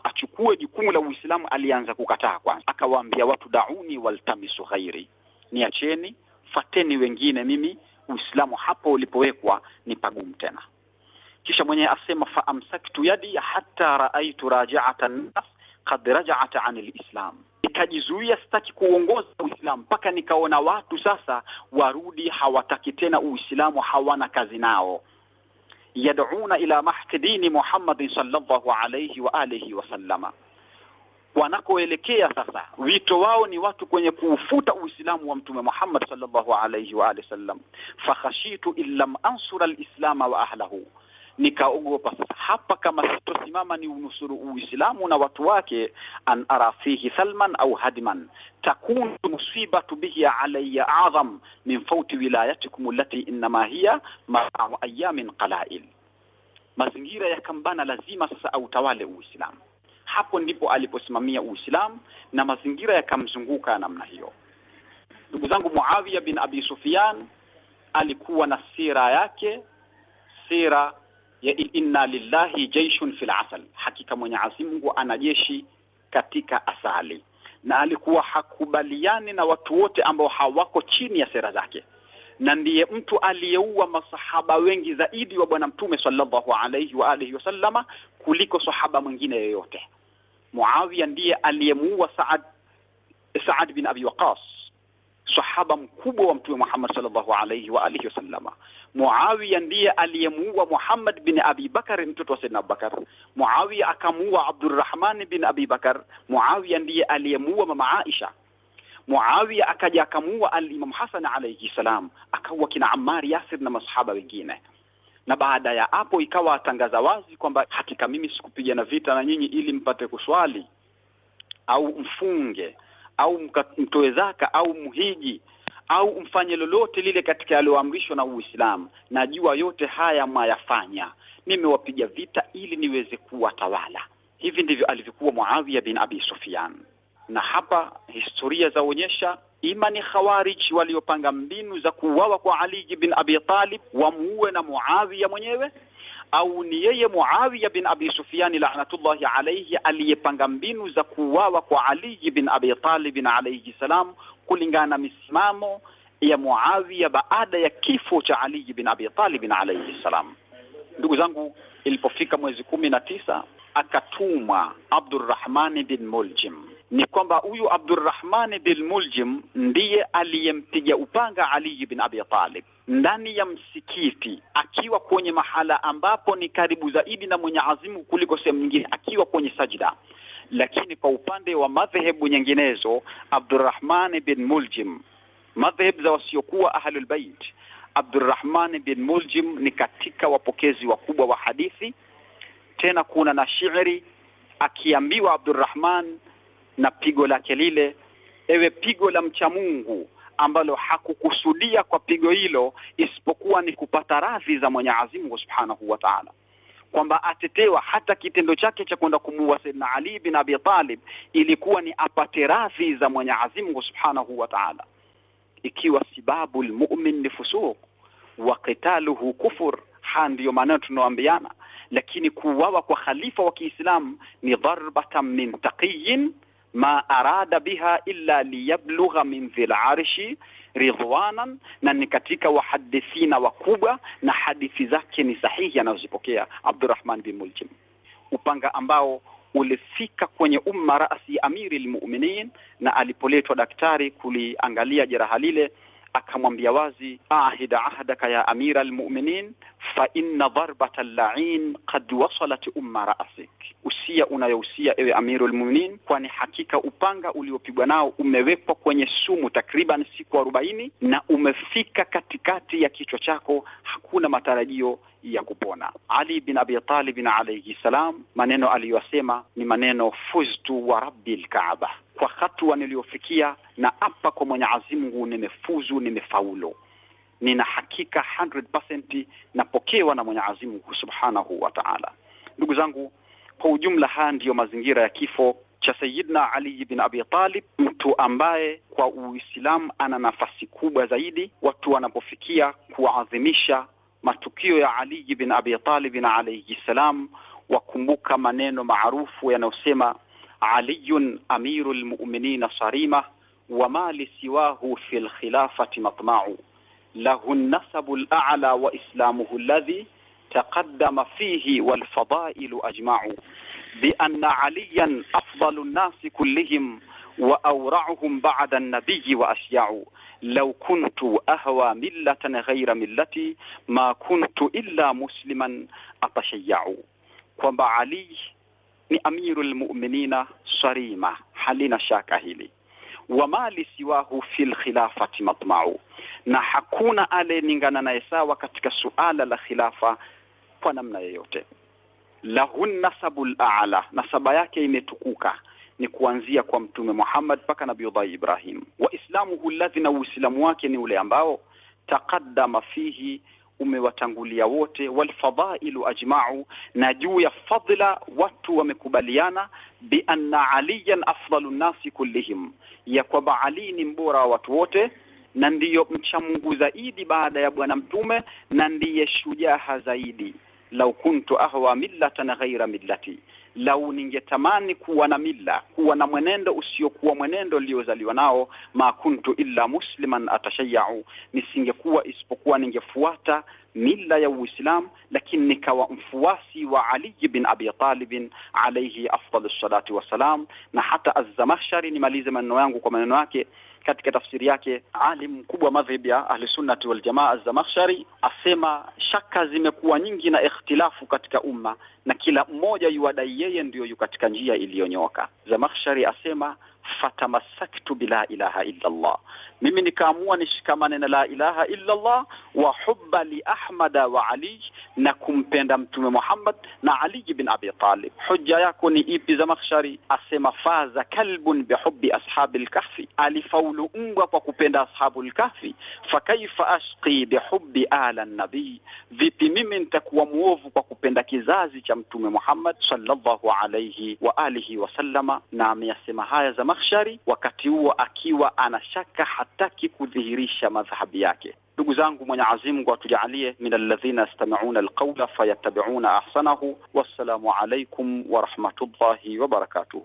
achukue jukumu la Uislamu alianza kukataa kwanza, akawaambia watu dauni waltamisu ghairi, niacheni fateni wengine, mimi Uislamu hapo ulipowekwa ni pagumu tena. Kisha mwenyewe asema faamsaktu yadi hata raaitu rajaata nnas kad raja'at an alislam, ikajizuia sitaki kuongoza Uislamu mpaka nikaona watu sasa warudi, hawataki tena Uislamu, hawana kazi nao. Yad'una ila mahki dini Muhammadin sallallahu alayhi wa alihi wa sallama, wanakoelekea sasa, wito wao ni watu kwenye kuufuta Uislamu wa Mtume Muhammad sallallahu alayhi wa alihi sallam. Fakhashitu in lam ansura alislama wa ahlahu, nikaogopa. Sasa hapa kama sitosimama ni unusuru Uislamu na watu wake, an ara fihi thalman au hadman takunu musibatu bihi alayya a'zam min fauti wilayatikum allati innama hiya marau ayamin qalail. Mazingira yakambana, lazima sasa autawale Uislamu. Hapo ndipo aliposimamia Uislamu na mazingira yakamzunguka namna hiyo. Ndugu zangu, Muawiya bin Abi Sufyan alikuwa na sira yake, sira ya inna lillahi jaishun fil asal, hakika Mwenyezi Mungu ana jeshi katika asali. Na alikuwa hakubaliani na watu wote ambao hawako chini ya sera zake, na ndiye mtu aliyeua masahaba wengi zaidi wa Bwana Mtume sallallahu alayhi wa alihi wasallama kuliko sahaba mwingine yoyote. Muawiya ndiye aliyemuua Saad, Saad bin Abi Waqas, sahaba mkubwa wa Mtume Muhammad sallallahu alayhi wa alihi wasallama. Muawiya ndiye aliyemuua Muhammad bin Abi Bakar, mtoto wa Saidna Abubakar. Muawiya akamuua Abdurrahman bin Abi Bakar. Muawiya ndiye aliyemuua mama Aisha. Muawiya akaja akamuua al-Imam Hasan alayhi salam, akaua kina Ammar Yasir na masahaba wengine. Na baada ya hapo ikawa atangaza wazi kwamba hakika mimi sikupigana vita na nyinyi ili mpate kuswali au mfunge au mtoe zaka au mhiji au mfanye lolote lile katika yaliyoamrishwa na Uislamu, na jua yote haya mwayafanya, nimewapiga vita ili niweze kuwatawala. Hivi ndivyo alivyokuwa Muawiya bin Abi Sufyan, na hapa historia zaonyesha ima ni Khawarij waliopanga mbinu za kuuawa kwa Ali bin Abi Talib, wamuue na Muawiya mwenyewe au ni yeye Muawiya bin Abi Sufyan laanatullahi alayhi aliyepanga mbinu za kuuawa kwa Ali bin Abi Talib alayhi salam kulingana na misimamo ya Muawiya baada ya kifo cha Ali bin Abi Talib alayhi salam. Ndugu zangu, ilipofika mwezi kumi na tisa akatumwa abdurrahmani bin Muljim ni kwamba huyu Abdurrahman bin Muljim ndiye aliyempiga upanga Ali bin Abi Talib ndani ya msikiti, akiwa kwenye mahala ambapo ni karibu zaidi na mwenye azimu kuliko sehemu nyingine, akiwa kwenye sajda. Lakini kwa upande wa madhehebu nyinginezo, Abdurrahman bin Muljim, madhehebu za wasiokuwa ahlul bait, Abdurrahman bin Muljim ni katika wapokezi wakubwa wa hadithi, tena kuna na shairi akiambiwa Abdurrahman na pigo lake lile, ewe pigo la mcha Mungu ambalo hakukusudia kwa pigo hilo isipokuwa ni kupata radhi za Mwenyezi Mungu Subhanahu wa Ta'ala, kwamba atetewa hata kitendo chake cha kwenda kumuua Sayyidina Ali bin Abi Talib ilikuwa ni apate radhi za Mwenyezi Mungu Subhanahu wa Ta'ala, ikiwa sibabu almu'min ni fusuq wa qitaluhu kufur. Ha, ndiyo maana tunaoambiana, lakini kuuawa kwa khalifa wa Kiislamu ni dharbatan min taqiyin ma arada biha illa liyablugha min dhil arshi ridwanan, na ni katika wahadithina wakubwa na hadithi zake ni sahihi anazozipokea Abdurrahman bin Muljim, upanga ambao ulifika kwenye umma raasi amiri lmuminin, na alipoletwa daktari kuliangalia jeraha lile akamwambia wazi, ahida ahdaka ya amira almu'minin fa inna dharbata al-la'in qad wasalat umma ra'sik, usia unayohusia ewe amiru almu'minin, kwani hakika upanga uliopigwa nao umewekwa kwenye sumu takriban siku arobaini na umefika katikati ya kichwa chako, hakuna matarajio ya kupona. Ali bin Abi Talib alayhi salam, maneno aliyosema ni maneno fuztu wa rabbil Kaaba kwa hatua niliyofikia, na hapa kwa Mwenyezi Mungu nimefuzu, nimefaulu, nina hakika 100% napokewa na Mwenyezi Mungu subhanahu wa ta'ala. Ndugu zangu, kwa ujumla, haya ndiyo mazingira ya kifo cha Sayyidina Ali ibn Abi Talib, mtu ambaye kwa Uislamu ana nafasi kubwa zaidi watu wanapofikia kuadhimisha matukio ya Ali bin Abi Talib alayhi salam, wakumbuka maneno maarufu yanayosema علي أمير المؤمنين صريمة وما لسواه في الخلافة مطمع له النسب الأعلى وإسلامه الذي تقدم فيه والفضائل أجمع بأن عليا أفضل الناس كلهم وأورعهم بعد النبي واشيع لو كنت أهوى ملة غير ملتي ما كنت إلا مسلما أتشيع kwamba Ali ni amirul mu'minina sarima, halina shaka hili. Wama lisiwahu fi lkhilafati matmau, na hakuna aliyeningana naye sawa katika suala la khilafa kwa namna yeyote Lahu nasabu lala, nasaba yake imetukuka ni kuanzia kwa Mtume Muhammad mpaka ullahi Ibrahim. Waislamuhu ladhi, na Uislamu wake ni ule ambao taqaddama fihi umewatangulia wote, walfadhailu ajmau, na juu ya fadhila watu wamekubaliana, bi anna aliyan afdalu nnasi kullihim, ya kwamba Ali ni mbora wa watu wote na ndiyo mcha Mungu zaidi baada ya Bwana Mtume na ndiye shujaa zaidi. lau kuntu ahwa millatan ghaira millati lau ningetamani kuwa na mila, kuwa na mwenendo usiokuwa mwenendo uliozaliwa nao, ma kuntu illa musliman atashayau, nisingekuwa isipokuwa ningefuata mila ya Uislamu, lakini nikawa mfuasi wa Ali bin Abi Talib alayhi afdhalu salati wassalam. Na hata Az-Zamakhshari, nimalize maneno yangu kwa maneno yake katika tafsiri yake, alim mkubwa madhhabi ya Ahlusunnati Waljamaa Az-Zamakhshari asema, shaka zimekuwa nyingi na ikhtilafu katika umma na kila mmoja yuadai yeye ndiyo yu katika njia iliyonyoka. Zamakhshari asema fatamasaktu bila ilaha illa Allah, mimi nikaamua nishikamane na la ilaha illa Allah wa hubba li ahmada wa ali, na kumpenda Mtume Muhammad na Ali bin Abi Talib. Hujja yako ni ipi? Zamakhshari asema faza kalbun bihubbi ashabi lkahfi, alifaulu mbwa kwa kupenda ashabu lkahfi. Fakaifa ashqi bihubbi ala nabii, vipi mimi nitakuwa mwovu kwa kupenda kizazi cha ya Mtume Muhammad sallallahu alaihi wa alihi wasallama, na ameyasema haya za Zamakhshari wakati huo akiwa anashaka, hataki kudhihirisha madhhabi yake. Ndugu zangu, Mwenyezi Mungu atujaalie min alladhina yastami'una alqawla fayattabi'una ahsanahu. Wassalamu alaykum wa rahmatullahi wa barakatuh.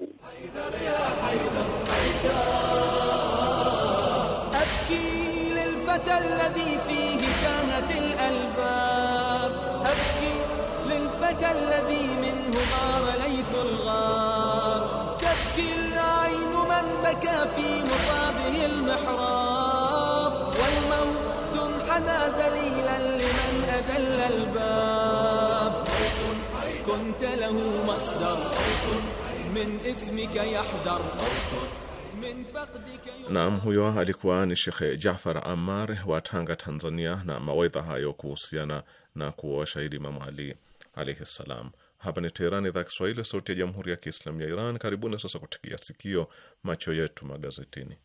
ذاك الذي منه غار ليث الغار تبكي العين من بكى في مصابه المحراب والموت انحنى دليلا لمن أذل الباب كنت له مصدر من اسمك يحذر Naam, huyo alikuwa ni Shekhe Jafar Amar wa Tanga, Tanzania, na mawaidha hayo kuhusiana na kuoa shahidi Imamu Ali alaihi ssalam. Hapa ni Teherani, idhaa Kiswahili, sauti ya jamhuri ya kiislamu ya Iran. Karibuni sasa kutikia sikio macho yetu magazetini.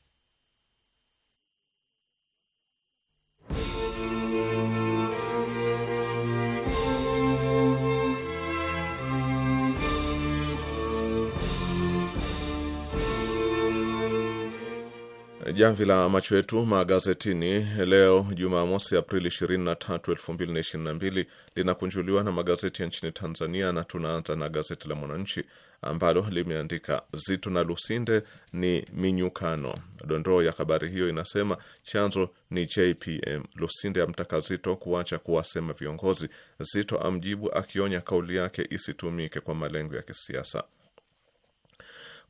Jamvi la macho yetu magazetini leo Jumamosi, Aprili 23, 2022 linakunjuliwa na magazeti ya nchini Tanzania, na tunaanza na gazeti la Mwananchi ambalo limeandika Zito na Lusinde ni minyukano. Dondoo ya habari hiyo inasema chanzo ni JPM, Lusinde amtaka Zito kuacha kuwasema viongozi, Zito amjibu akionya kauli yake isitumike kwa malengo ya kisiasa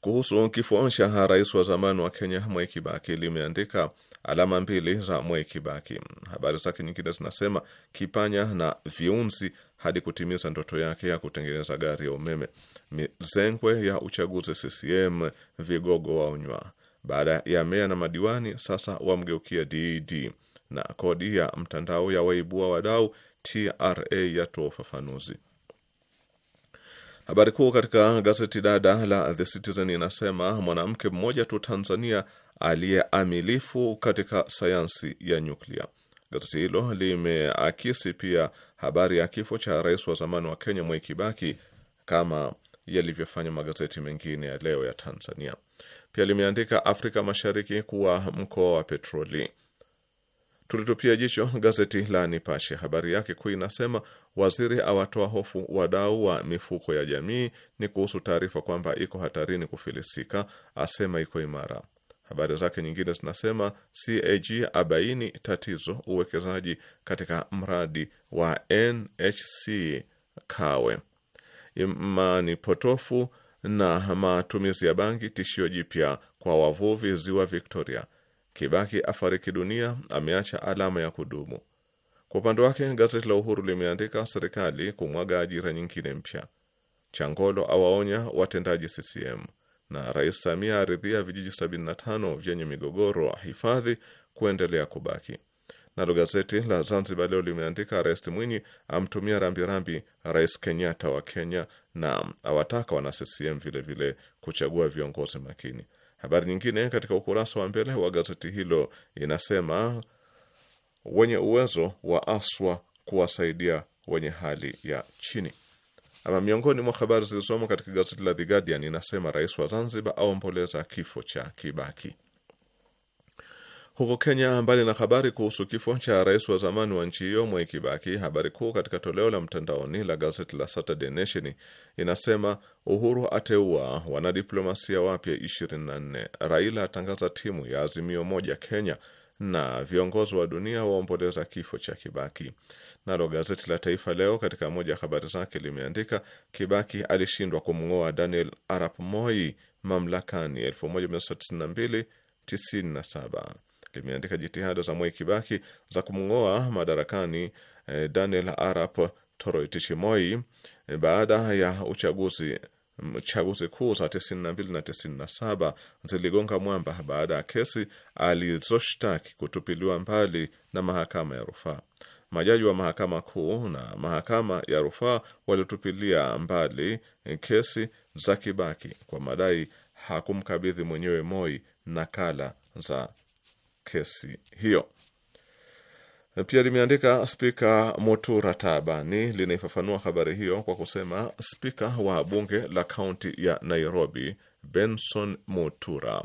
kuhusu kifo cha rais wa zamani wa Kenya Mwai Kibaki limeandika alama mbili za Mwai Kibaki. Habari zake nyingine zinasema kipanya na viunzi hadi kutimiza ndoto yake ya kutengeneza gari ya umeme. Mizengwe ya uchaguzi CCM vigogo waonywa. Baada ya meya na madiwani sasa wamgeukia DED e na kodi ya mtandao ya waibua wadau, TRA yatoa ufafanuzi. Habari kuu katika gazeti dada la The Citizen inasema mwanamke mmoja tu Tanzania aliyeamilifu katika sayansi ya nyuklia. Gazeti hilo limeakisi pia habari ya kifo cha rais wa zamani wa Kenya Mwai Kibaki kama yalivyofanya magazeti mengine ya leo ya Tanzania. Pia limeandika Afrika Mashariki kuwa mkoa wa petroli. Tulitupia jicho gazeti la Nipashe. Habari yake kuu inasema waziri awatoa hofu wadau wa mifuko ya jamii. Ni kuhusu taarifa kwamba iko hatarini kufilisika, asema iko imara. Habari zake nyingine zinasema CAG abaini tatizo uwekezaji katika mradi wa NHC Kawe, imani potofu na matumizi ya bangi tishio jipya kwa wavuvi ziwa Victoria Kibaki afariki dunia ameacha alama ya kudumu. Kwa upande wake gazeti la Uhuru limeandika serikali kumwaga ajira nyingine mpya, Changolo awaonya watendaji CCM, na Rais Samia aridhia vijiji 75 vyenye migogoro hifadhi kuendelea kubaki. Nalo gazeti la Zanzibar Leo limeandika Rais Mwinyi amtumia rambirambi Rais Kenyatta wa Kenya na awataka wana CCM vilevile kuchagua viongozi makini. Habari nyingine katika ukurasa wa mbele wa gazeti hilo inasema wenye uwezo wa aswa kuwasaidia wenye hali ya chini. Ama miongoni mwa habari zilizomo katika gazeti la The Guardian inasema rais wa Zanzibar aomboleza kifo cha Kibaki. Huko Kenya, mbali na habari kuhusu kifo cha rais wa zamani wa nchi hiyo Mwai Kibaki, habari kuu katika toleo la mtandaoni la gazeti la Saturday Nation inasema Uhuru ateua wanadiplomasia wapya 24, Raila atangaza timu ya Azimio moja Kenya, na viongozi wa dunia waomboleza kifo cha Kibaki. Nalo gazeti la Taifa Leo katika moja ya habari zake limeandika Kibaki alishindwa kumng'oa Daniel Arap Moi mamlakani 1992 97 limeandika jitihada za Mwai Kibaki za kumng'oa madarakani eh, Daniel Arap Toroitich Moi eh, baada ya uchaguzi mm, chaguzi kuu za 92 na 97 ziligonga mwamba baada ya kesi alizoshtaki kutupiliwa mbali na mahakama ya rufaa. Majaji wa mahakama kuu na mahakama ya rufaa walitupilia mbali eh, kesi za Kibaki kwa madai hakumkabidhi mwenyewe Moi nakala za kesi hiyo. Pia limeandika Spika Mutura Taabani linaifafanua habari hiyo kwa kusema spika wa bunge la kaunti ya Nairobi Benson Mutura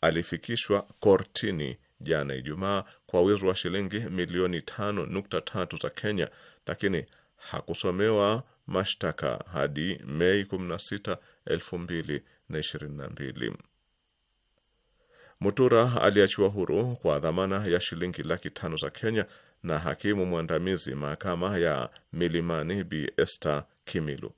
alifikishwa kortini jana Ijumaa kwa wizi wa shilingi milioni tano nukta tatu za Kenya, lakini hakusomewa mashtaka hadi Mei 16, 2022. Mutura aliachiwa huru kwa dhamana ya shilingi laki tano za Kenya na hakimu mwandamizi mahakama ya Milimani Bi Esther Kimilu.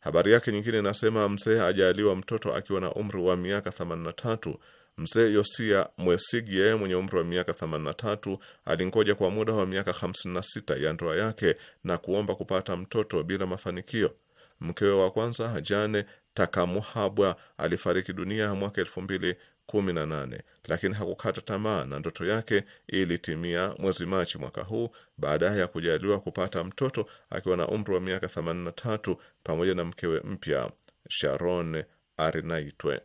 Habari yake nyingine inasema mzee ajaliwa mtoto akiwa na umri wa miaka 83. Mzee Yosia Mwesigye mwenye umri wa miaka 83 alingoja kwa muda wa miaka 56 ya ndoa yake na kuomba kupata mtoto bila mafanikio. Mkewe wa kwanza Jane Takamuhabwa alifariki dunia mwaka elfu mbili nane, lakini hakukata tamaa na ndoto yake ilitimia mwezi Machi mwaka huu baada ya kujaliwa kupata mtoto akiwa na umri wa miaka 83 pamoja na mkewe mpya Sharon Arinaitwe.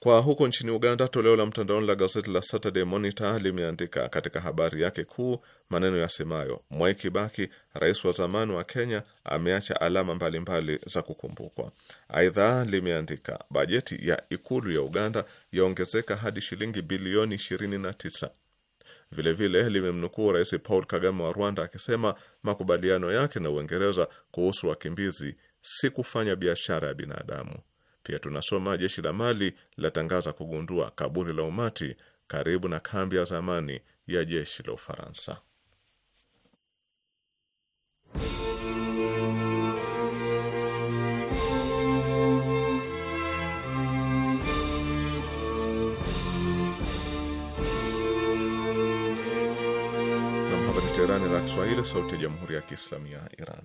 Kwa huko nchini Uganda, toleo la mtandaoni la gazeti la Saturday Monitor limeandika katika habari yake kuu maneno yasemayo, Mwai Kibaki, rais wa zamani wa Kenya, ameacha alama mbalimbali mbali za kukumbukwa. Aidha limeandika bajeti ya ikulu ya Uganda yaongezeka hadi shilingi bilioni 29. Vilevile limemnukuu Rais Paul Kagame wa Rwanda akisema makubaliano yake na Uingereza kuhusu wakimbizi si kufanya biashara ya binadamu. Pia tunasoma jeshi la Mali latangaza kugundua kaburi la umati karibu na kambi ya zamani ya jeshi la Ufaransa. ni Teherani, idhaa ya Kiswahili, sauti ya jamhuri ya kiislamu ya Iran.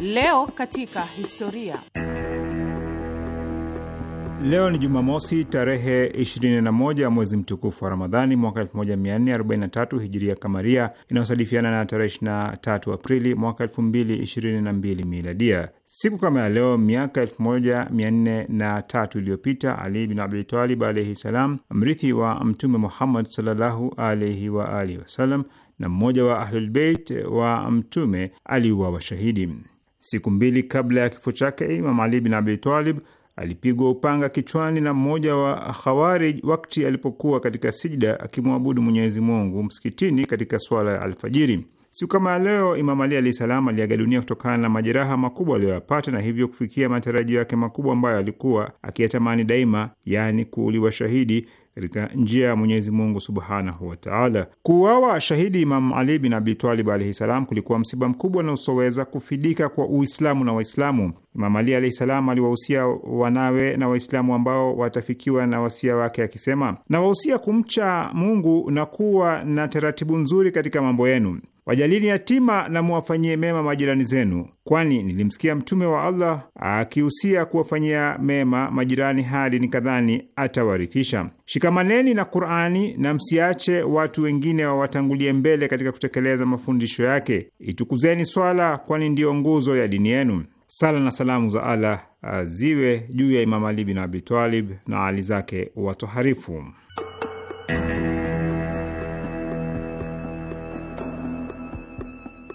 Leo katika historia. Leo ni Jumamosi tarehe 21 mwezi mtukufu wa Ramadhani mwaka 1443 hijiria kamaria inayosadifiana na tarehe 23 Aprili mwaka 2022 miladia. Siku kama ya leo miaka 1403 iliyopita Ali bin Abi Talib alaihi salam, mrithi wa Mtume Muhammad sallallahu alaihi wa alihi wasalam na mmoja wa Ahlulbeit wa Mtume aliuawa shahidi. Siku mbili kabla ya kifo chake, Imam Ali bin Abi Talib alipigwa upanga kichwani na mmoja wa Khawarij wakati alipokuwa katika sijida akimwabudu Mwenyezi Mungu msikitini katika swala ya alfajiri. Siku kama leo Imam Ali alahi salam aliaga dunia kutokana na majeraha makubwa aliyoyapata na hivyo kufikia matarajio yake makubwa ambayo alikuwa akiyatamani daima, yaani kuuliwa shahidi katika njia ya Mwenyezi Mungu subhanahu wataala. Kuuawa shahidi Imam Ali bin Talib alaihi salam kulikuwa msiba mkubwa na usoweza kufidika kwa Uislamu na Waislamu. Imam Ali alaihi salam aliwahusia wanawe na Waislamu ambao watafikiwa na wasia wake akisema, nawahusia kumcha Mungu na kuwa na taratibu nzuri katika mambo yenu wajalini yatima na muwafanyie mema majirani zenu, kwani nilimsikia Mtume wa Allah akihusia kuwafanyia mema majirani hadi nikadhani atawarithisha. Shikamaneni na Qur'ani na msiache watu wengine wawatangulie mbele katika kutekeleza mafundisho yake. Itukuzeni swala, kwani ndiyo nguzo ya dini yenu. Sala na salamu za Allah ah, ziwe juu ya Imam Ali bin Abi Talib na ali zake watoharifu.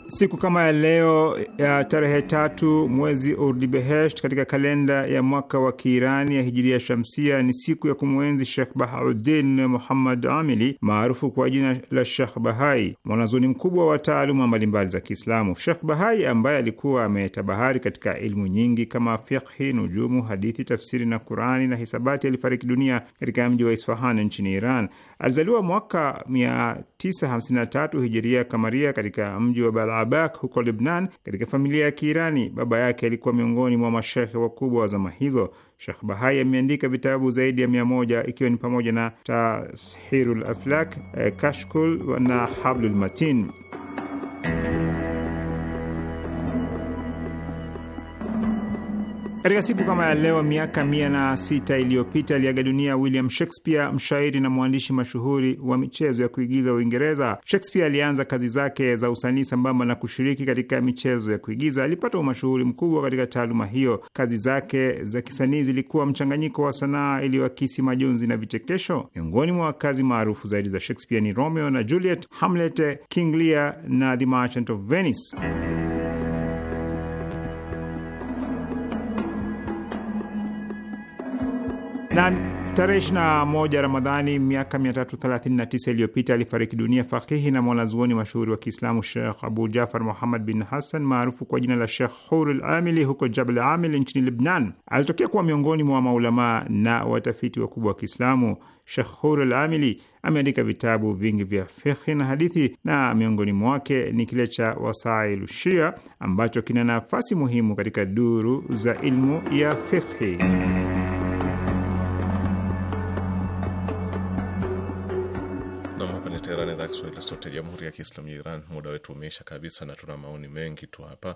Siku kama ya leo ya tarehe tatu mwezi Urdibehesht katika kalenda ya mwaka wa Kiirani ya hijiria shamsia ni siku ya kumwenzi Shekh Bahauddin Muhammad Amili maarufu kwa jina la Shekh Bahai, mwanazoni mkubwa wa taaluma mbalimbali za Kiislamu. Shekh Bahai ambaye alikuwa ametabahari katika ilmu nyingi kama fiqhi, nujumu, hadithi, tafsiri na Qurani na hisabati, alifariki dunia katika mji wa Isfahan nchini Iran. Alizaliwa mwaka 953 hijiria kamaria katika mji wa Bala Abak huko Lebnan, katika familia ya Kiirani. Baba yake alikuwa miongoni mwa mashekhe wakubwa wa zama hizo. Shekh Bahai ameandika vitabu zaidi ya mia moja ikiwa ni pamoja na Tashirul Aflak, eh, Kashkul na Hablul Matin. Katika siku kama ya leo miaka mia na sita iliyopita aliaga dunia William Shakespeare, mshairi na mwandishi mashuhuri wa michezo ya kuigiza Uingereza. Shakespeare alianza kazi zake za usanii sambamba na kushiriki katika michezo ya kuigiza. Alipata umashuhuri mkubwa katika taaluma hiyo. Kazi zake za kisanii zilikuwa mchanganyiko wa sanaa iliyoakisi majonzi na vichekesho. Miongoni mwa kazi maarufu zaidi za Shakespeare ni Romeo na Juliet, Hamlet, King Lear na The Merchant of Venice. na tarehe 21 Ramadhani miaka 339 iliyopita alifariki dunia fakihi na mwanazuoni mashuhuri wa Kiislamu Shekh Abu Jafar Muhammad bin Hassan maarufu kwa jina la Shekh hur l Amili huko Jabal Amil nchini Libnan. Alitokea kuwa miongoni mwa maulamaa na watafiti wakubwa wa Kiislamu. Shekh hur l Amili ameandika vitabu vingi vya fikhi na hadithi na miongoni mwake ni kile cha Wasailu Shia ambacho kina nafasi muhimu katika duru za ilmu ya -hmm. idhaa Kiswahili sote Jamhuri ya Kiislamu ya Iran. Muda wetu umeisha kabisa na tuna maoni mengi tu hapa.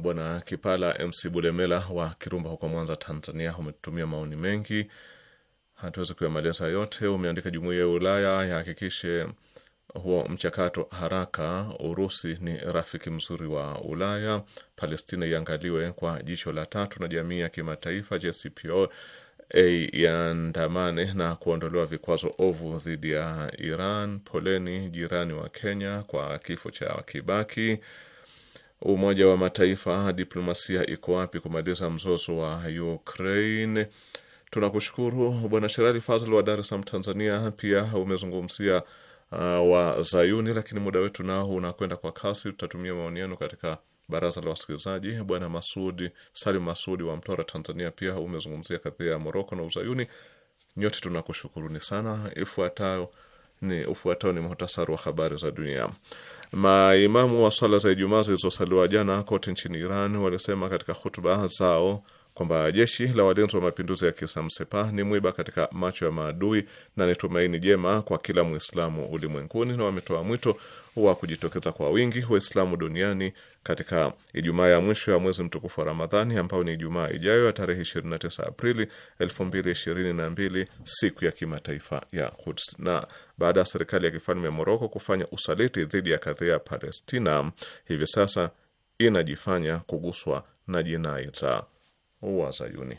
Bwana Kipala MC Bulemela wa Kirumba huko Mwanza, Tanzania, umetutumia maoni mengi, hatuwezi kuyamaliza yote. Umeandika, jumuiya ya Ulaya yahakikishe huo mchakato haraka. Urusi ni rafiki mzuri wa Ulaya. Palestina iangaliwe kwa jicho la tatu na jamii ya kimataifa JCPO yandamane na kuondolewa vikwazo ovu dhidi ya Iran. Poleni jirani wa Kenya kwa kifo cha Kibaki. Umoja wa Mataifa, diplomasia iko wapi kumaliza mzozo wa Ukraine? Tunakushukuru Bwana Sherali Fazl wa Dar es Salaam, Tanzania. Pia umezungumzia uh, wa Zayuni, lakini muda wetu nao unakwenda kwa kasi. Tutatumia maoni yenu katika Baraza la wasikilizaji bwana Masudi Salim Masudi wa Mtwara, Tanzania, pia umezungumzia kadhia ya Moroko na Uzayuni. Nyote tunakushukuruni sana. Ifuatayo ni ufuatao ni muhtasari wa habari za dunia. Maimamu wa swala za Ijumaa zilizosaliwa jana kote nchini Iran walisema katika hutuba zao kwamba jeshi la walinzi wa mapinduzi ya Kiislamu ni mwiba katika macho ya maadui na ni tumaini jema kwa kila Mwislamu ulimwenguni, na wametoa mwito wa kujitokeza kwa wingi Waislamu duniani katika Ijumaa ya mwisho ya mwezi mtukufu wa Ramadhani ambayo ni Ijumaa ijayo ya tarehe 29 Aprili 2022 siku ya kimataifa ya Quds. Na baada ya serikali ya kifalme ya Moroko kufanya usaliti dhidi ya kadhia ya Palestina, hivi sasa inajifanya kuguswa na jinai za wa Zayuni.